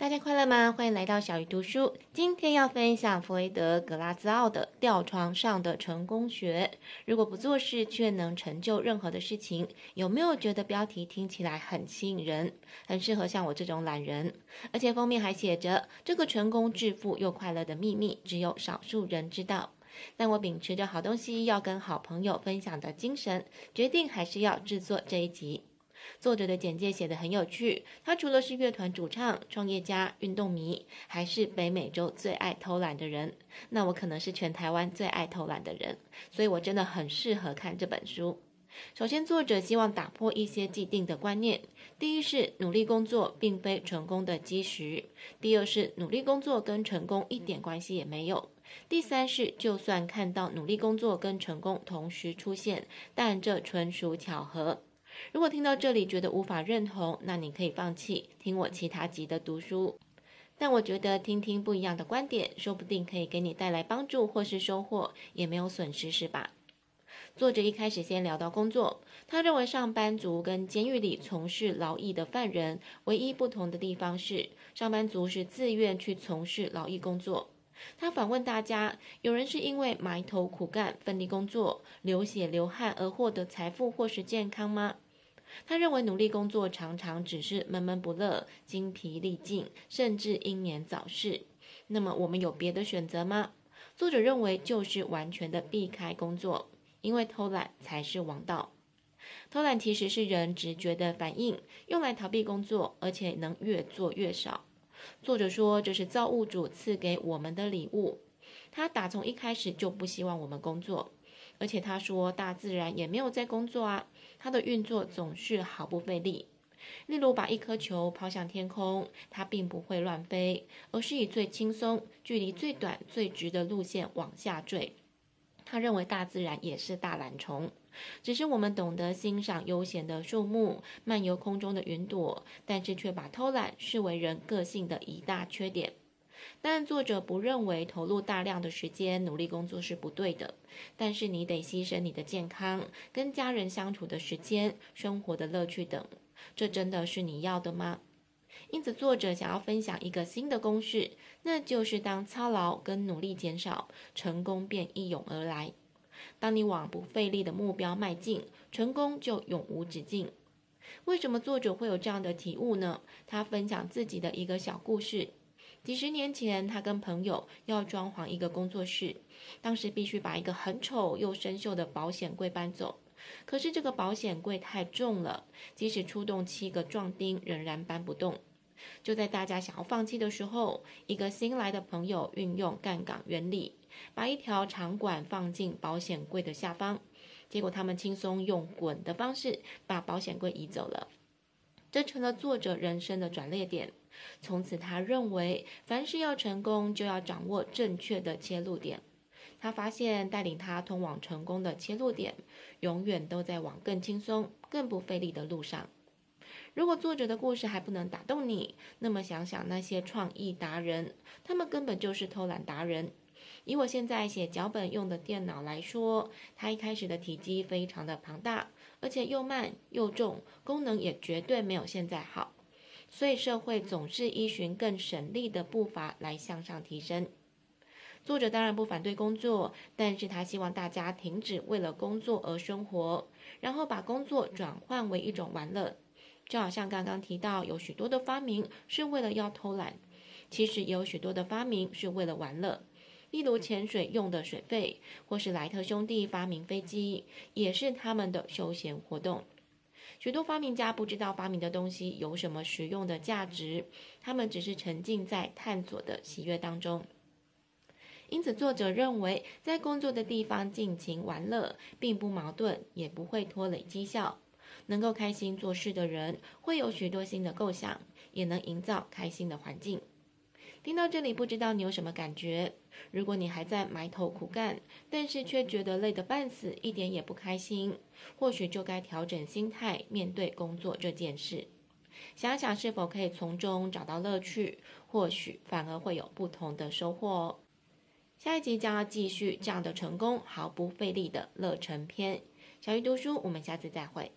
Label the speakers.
Speaker 1: 大家快樂嗎？歡迎來到小魚讀書。今天要分享弗雷德·葛拉茲奧的《吊床上的成功學》。如果不做事卻能成就任何的事情，有沒有覺得標題聽起來很吸引人，很適合像我這種懶人？而且封面還寫着這個成功致富又快樂的秘密，只有少數人知道。但我秉持着好東西要跟好朋友分享的精神，決定還是要製作這一集。作者的簡介寫得很有趣。他除了是樂團主唱、創業家、運動迷，還是北美洲最愛偷懶的人。那我可能是全台灣最愛偷懶的人，所以我真的很適合看這本書。首先，作者希望打破一些既定的觀念：第一是努力工作並非成功的基石；第二是努力工作跟成功一點關係也沒有；第三是就算看到努力工作跟成功同時出現，但這純屬巧合。如果聽到這裡覺得無法認同，那你可以放棄聽我其他集的讀書。但我覺得聽聽不一樣的觀點，說不定可以給你帶來幫助或是收穫，也沒有損失，是吧？作者一開始先聊到工作，他認為上班族跟監獄裡從事勞役的犯人唯一不同的地方是，上班族是自願去從事勞役工作。他反問大家，有人是因為埋頭苦幹、奮力工作、流血流汗而獲得財富或是健康嗎？他認為努力工作常常只是悶悶不樂、精疲力盡，甚至英年早逝。那麼我們有別的選擇嗎？作者認為就是完全的避開工作，因為偷懶才是王道。偷懶其實是人直覺的反應，用來逃避工作，而且能越做越少。作者說這是造物主賜給我們的禮物，他打從一開始就不希望我們工作。而且他說，大自然也沒有在工作啊，它的運作總是毫不費力。例如，把一顆球拋向天空，它並不會亂飛，而是以最輕鬆、距離最短、最直的路線往下墜。他認為大自然也是大懶蟲，只是我們懂得欣賞悠閒的樹木、漫游空中的雲朵，但是卻把偷懶視為人個性的一大缺點。但作者不認為投入大量的時間努力工作是不對的，但是你得犧牲你的健康、跟家人相處的時間、生活的樂趣等，這真的是你要的嗎？因此，作者想要分享一個新的公式，那就是當操勞跟努力減少，成功便一湧而來。當你往不費力的目標邁進，成功就永無止境。為什麼作者會有這樣的體悟呢？他分享自己的一個小故事。幾十年前，他跟朋友要裝潢一個工作室，當時必須把一個很醜又生鏽的保險櫃搬走。可是這個保險櫃太重了，即使出動七個壯丁仍然搬不動。就在大家想要放棄的時候，一個新來的朋友運用槓桿原理，把一條長管放進保險櫃的下方，結果他們輕鬆用滾的方式把保險櫃移走了。這成了作者人生的轉捩點。從此，他認為凡事要成功，就要掌握正確的切入點。他發現，帶領他通往成功的切入點，永遠都在往更輕鬆、更不費力的路上。如果作者的故事還不能打動你，那麼想想那些創意達人，他們根本就是偷懶達人。以我現在寫腳本用的電腦來說，它一開始的體積非常的龐大，而且又慢又重，功能也絕對沒有現在好。所以社會總是依循更省力的步伐來向上提升。作者當然不反對工作，但是他希望大家停止為了工作而生活，然後把工作轉換為一種玩樂。就好像剛剛提到，有許多的發明是為了要偷懶，其實也有許多的發明是為了玩樂，例如潛水用的水肺，或是萊特兄弟發明飛機，也是他們的休閒活動。許多發明家不知道發明的東西有什麼實用的價值，他們只是沉浸在探索的喜悅當中。因此，作者認為在工作的地方盡情玩樂并不矛盾，也不會拖累績效。能夠開心做事的人會有許多新的構想，也能營造開心的環境。聽到這裡，不知道你有什麼感覺？如果你還在埋頭苦幹，但是卻覺得累得半死，一點也不開心，或許就該調整心態，面對工作這件事。想想是否可以從中找到樂趣，或許反而會有不同的收穫哦。下一集將要繼續這樣的成功毫不費力的樂成篇。小魚讀書，我們下次再會。